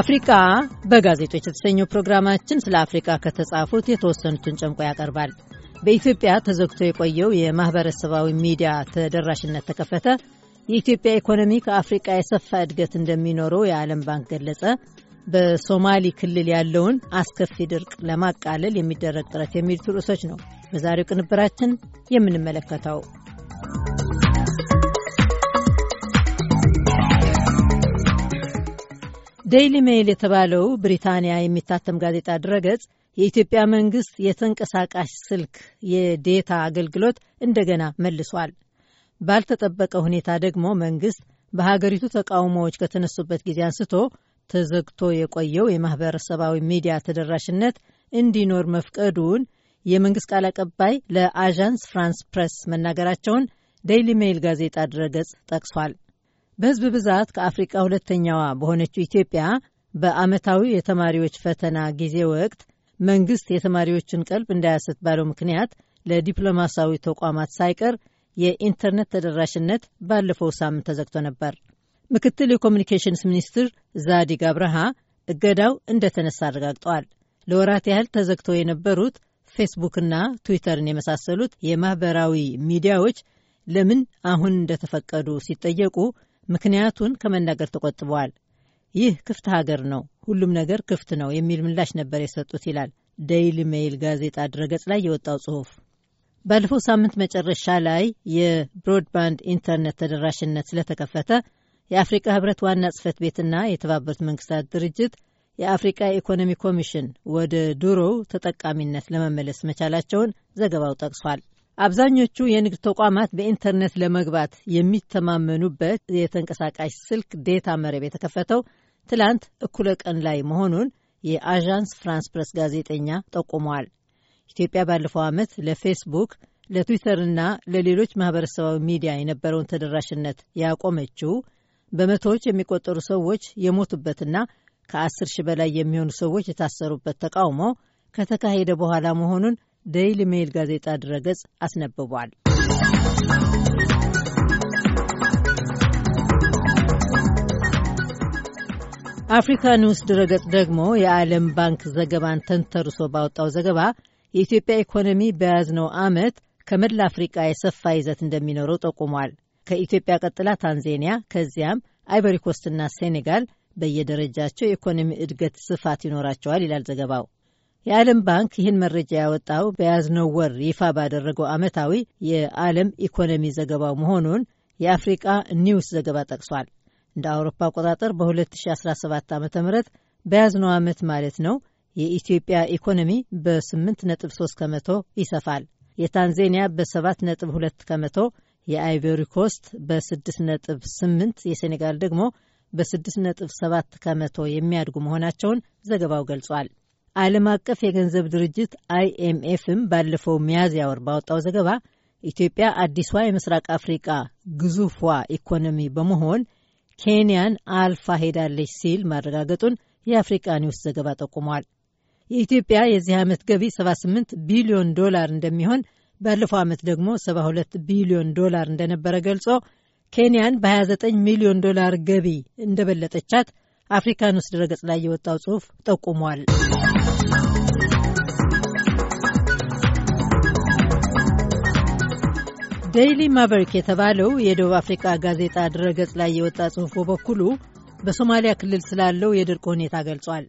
አፍሪካ በጋዜጦች የተሰኘው ፕሮግራማችን ስለ አፍሪካ ከተጻፉት የተወሰኑትን ጨምቆ ያቀርባል። በኢትዮጵያ ተዘግቶ የቆየው የማኅበረሰባዊ ሚዲያ ተደራሽነት ተከፈተ፣ የኢትዮጵያ ኢኮኖሚ ከአፍሪቃ የሰፋ እድገት እንደሚኖረው የዓለም ባንክ ገለጸ፣ በሶማሊ ክልል ያለውን አስከፊ ድርቅ ለማቃለል የሚደረግ ጥረት የሚሉት ርዕሶች ነው በዛሬው ቅንብራችን የምንመለከተው። ዴይሊ ሜይል የተባለው ብሪታንያ የሚታተም ጋዜጣ ድረገጽ የኢትዮጵያ መንግስት የተንቀሳቃሽ ስልክ የዴታ አገልግሎት እንደገና መልሷል። ባልተጠበቀ ሁኔታ ደግሞ መንግስት በሀገሪቱ ተቃውሞዎች ከተነሱበት ጊዜ አንስቶ ተዘግቶ የቆየው የማህበረሰባዊ ሚዲያ ተደራሽነት እንዲኖር መፍቀዱን የመንግስት ቃል አቀባይ ለአዣንስ ፍራንስ ፕሬስ መናገራቸውን ዴይሊ ሜይል ጋዜጣ ድረገጽ ጠቅሷል። በህዝብ ብዛት ከአፍሪቃ ሁለተኛዋ በሆነችው ኢትዮጵያ በአመታዊ የተማሪዎች ፈተና ጊዜ ወቅት መንግስት የተማሪዎችን ቀልብ እንዳያስት ባለው ምክንያት ለዲፕሎማሲያዊ ተቋማት ሳይቀር የኢንተርኔት ተደራሽነት ባለፈው ሳምንት ተዘግቶ ነበር። ምክትል የኮሚኒኬሽንስ ሚኒስትር ዛዲግ አብርሃ እገዳው እንደተነሳ አረጋግጠዋል። ለወራት ያህል ተዘግተው የነበሩት ፌስቡክና ትዊተርን የመሳሰሉት የማህበራዊ ሚዲያዎች ለምን አሁን እንደተፈቀዱ ሲጠየቁ ምክንያቱን ከመናገር ተቆጥበዋል። ይህ ክፍት ሀገር ነው፣ ሁሉም ነገር ክፍት ነው የሚል ምላሽ ነበር የሰጡት ይላል ዴይሊ ሜይል ጋዜጣ ድረገጽ ላይ የወጣው ጽሑፍ። ባለፈው ሳምንት መጨረሻ ላይ የብሮድባንድ ኢንተርኔት ተደራሽነት ስለተከፈተ የአፍሪቃ ህብረት ዋና ጽህፈት ቤትና የተባበሩት መንግስታት ድርጅት የአፍሪቃ ኢኮኖሚ ኮሚሽን ወደ ድሮው ተጠቃሚነት ለመመለስ መቻላቸውን ዘገባው ጠቅሷል። አብዛኞቹ የንግድ ተቋማት በኢንተርኔት ለመግባት የሚተማመኑበት የተንቀሳቃሽ ስልክ ዴታ መረብ የተከፈተው ትላንት እኩለ ቀን ላይ መሆኑን የአዣንስ ፍራንስ ፕረስ ጋዜጠኛ ጠቁመዋል። ኢትዮጵያ ባለፈው ዓመት ለፌስቡክ ለትዊተርና ለሌሎች ማህበረሰባዊ ሚዲያ የነበረውን ተደራሽነት ያቆመችው በመቶዎች የሚቆጠሩ ሰዎች የሞቱበትና ከአስር ሺህ በላይ የሚሆኑ ሰዎች የታሰሩበት ተቃውሞ ከተካሄደ በኋላ መሆኑን ዴይሊ ሜይል ጋዜጣ ድረገጽ አስነብቧል። አፍሪካ ኒውስ ድረገጽ ደግሞ የዓለም ባንክ ዘገባን ተንተርሶ ባወጣው ዘገባ የኢትዮጵያ ኢኮኖሚ በያዝነው ዓመት ከመላ አፍሪቃ የሰፋ ይዘት እንደሚኖረው ጠቁሟል። ከኢትዮጵያ ቀጥላ ታንዜኒያ ከዚያም አይቨሪኮስትና ሴኔጋል በየደረጃቸው የኢኮኖሚ እድገት ስፋት ይኖራቸዋል ይላል ዘገባው። የዓለም ባንክ ይህን መረጃ ያወጣው በያዝነው ወር ይፋ ባደረገው ዓመታዊ የዓለም ኢኮኖሚ ዘገባው መሆኑን የአፍሪቃ ኒውስ ዘገባ ጠቅሷል። እንደ አውሮፓ አቆጣጠር በ2017 ዓ ም በያዝነው ዓመት ማለት ነው የኢትዮጵያ ኢኮኖሚ በ8.3 ከመቶ ይሰፋል። የታንዛኒያ በ7.2 ከመቶ፣ የአይቨሪ ኮስት በ6.8፣ የሴኔጋል ደግሞ በ6.7 ከመቶ የሚያድጉ መሆናቸውን ዘገባው ገልጿል። ዓለም አቀፍ የገንዘብ ድርጅት አይኤምኤፍም ባለፈው ሚያዝያ ወር ባወጣው ዘገባ ኢትዮጵያ አዲሷ የምስራቅ አፍሪቃ ግዙፏ ኢኮኖሚ በመሆን ኬንያን አልፋ ሄዳለች ሲል ማረጋገጡን የአፍሪቃ ኒውስ ዘገባ ጠቁሟል። የኢትዮጵያ የዚህ ዓመት ገቢ 78 ቢሊዮን ዶላር እንደሚሆን ባለፈው ዓመት ደግሞ 72 ቢሊዮን ዶላር እንደነበረ ገልጾ ኬንያን በ29 ሚሊዮን ዶላር ገቢ እንደበለጠቻት አፍሪካን ውስጥ ድረገጽ ላይ የወጣው ጽሑፍ ጠቁሟል። ዴይሊ ማቨሪክ የተባለው የደቡብ አፍሪካ ጋዜጣ ድረገጽ ላይ የወጣ ጽሑፍ በበኩሉ በሶማሊያ ክልል ስላለው የድርቅ ሁኔታ ገልጿል።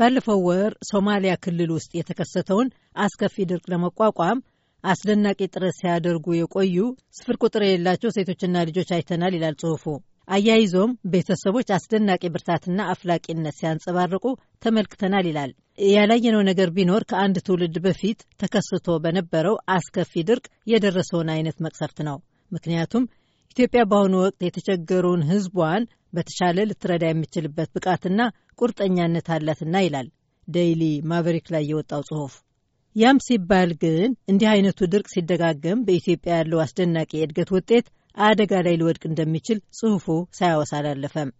ባለፈው ወር ሶማሊያ ክልል ውስጥ የተከሰተውን አስከፊ ድርቅ ለመቋቋም አስደናቂ ጥረት ሲያደርጉ የቆዩ ስፍር ቁጥር የሌላቸው ሴቶችና ልጆች አይተናል ይላል ጽሑፉ። አያይዞም ቤተሰቦች አስደናቂ ብርታትና አፍላቂነት ሲያንጸባርቁ ተመልክተናል ይላል። ያላየነው ነገር ቢኖር ከአንድ ትውልድ በፊት ተከስቶ በነበረው አስከፊ ድርቅ የደረሰውን አይነት መቅሰፍት ነው። ምክንያቱም ኢትዮጵያ በአሁኑ ወቅት የተቸገረውን ሕዝቧን በተሻለ ልትረዳ የሚችልበት ብቃትና ቁርጠኛነት አላትና ይላል ዴይሊ ማቨሪክ ላይ የወጣው ጽሑፍ። ያም ሲባል ግን እንዲህ አይነቱ ድርቅ ሲደጋገም በኢትዮጵያ ያለው አስደናቂ የእድገት ውጤት አደጋ ላይ ሊወድቅ እንደሚችል ጽሑፉ ሳያወሳ አላለፈም።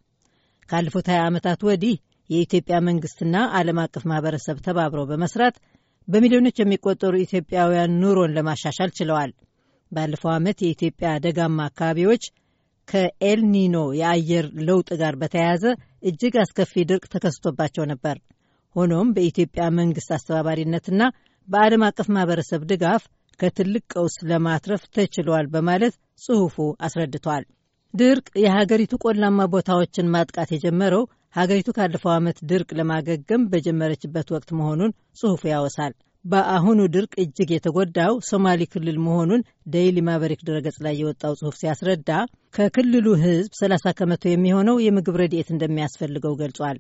ካለፉት 20 ዓመታት ወዲህ የኢትዮጵያ መንግስትና ዓለም አቀፍ ማህበረሰብ ተባብረው በመስራት በሚሊዮኖች የሚቆጠሩ ኢትዮጵያውያን ኑሮን ለማሻሻል ችለዋል። ባለፈው ዓመት የኢትዮጵያ ደጋማ አካባቢዎች ከኤልኒኖ የአየር ለውጥ ጋር በተያያዘ እጅግ አስከፊ ድርቅ ተከስቶባቸው ነበር። ሆኖም በኢትዮጵያ መንግስት አስተባባሪነትና በዓለም አቀፍ ማህበረሰብ ድጋፍ ከትልቅ ቀውስ ለማትረፍ ተችሏል በማለት ጽሑፉ አስረድቷል። ድርቅ የሀገሪቱ ቆላማ ቦታዎችን ማጥቃት የጀመረው ሀገሪቱ ካለፈው ዓመት ድርቅ ለማገገም በጀመረችበት ወቅት መሆኑን ጽሑፉ ያወሳል። በአሁኑ ድርቅ እጅግ የተጎዳው ሶማሌ ክልል መሆኑን ደይሊ ማበሪክ ድረገጽ ላይ የወጣው ጽሑፍ ሲያስረዳ ከክልሉ ሕዝብ 30 ከመቶ የሚሆነው የምግብ ረድኤት እንደሚያስፈልገው ገልጿል።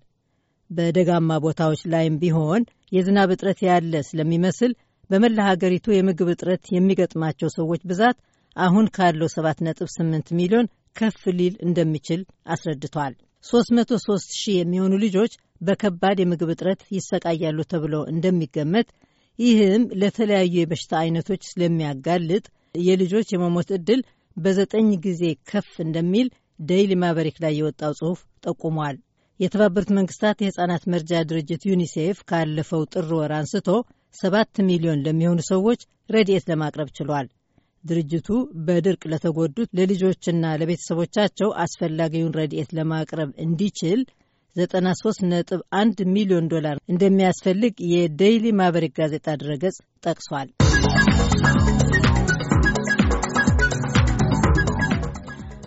በደጋማ ቦታዎች ላይም ቢሆን የዝናብ እጥረት ያለ ስለሚመስል በመላ ሀገሪቱ የምግብ እጥረት የሚገጥማቸው ሰዎች ብዛት አሁን ካለው 7.8 ሚሊዮን ከፍ ሊል እንደሚችል አስረድቷል። 303 ሺህ የሚሆኑ ልጆች በከባድ የምግብ እጥረት ይሰቃያሉ ተብሎ እንደሚገመት፣ ይህም ለተለያዩ የበሽታ አይነቶች ስለሚያጋልጥ የልጆች የመሞት ዕድል በዘጠኝ ጊዜ ከፍ እንደሚል ደይሊ ማበሪክ ላይ የወጣው ጽሑፍ ጠቁሟል። የተባበሩት መንግስታት የሕፃናት መርጃ ድርጅት ዩኒሴፍ ካለፈው ጥር ወር አንስቶ ሰባት ሚሊዮን ለሚሆኑ ሰዎች ረድኤት ለማቅረብ ችሏል። ድርጅቱ በድርቅ ለተጎዱት ለልጆችና ለቤተሰቦቻቸው አስፈላጊውን ረድኤት ለማቅረብ እንዲችል 93.1 ሚሊዮን ዶላር እንደሚያስፈልግ የዴይሊ ማበሪክ ጋዜጣ ድረገጽ ጠቅሷል።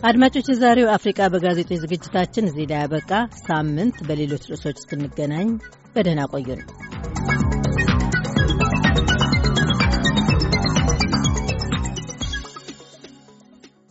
አድማጮች፣ የዛሬው አፍሪቃ በጋዜጦች ዝግጅታችን እዚህ ላይ ያበቃ። ሳምንት በሌሎች ርዕሶች እስክንገናኝ በደህና ቆዩን።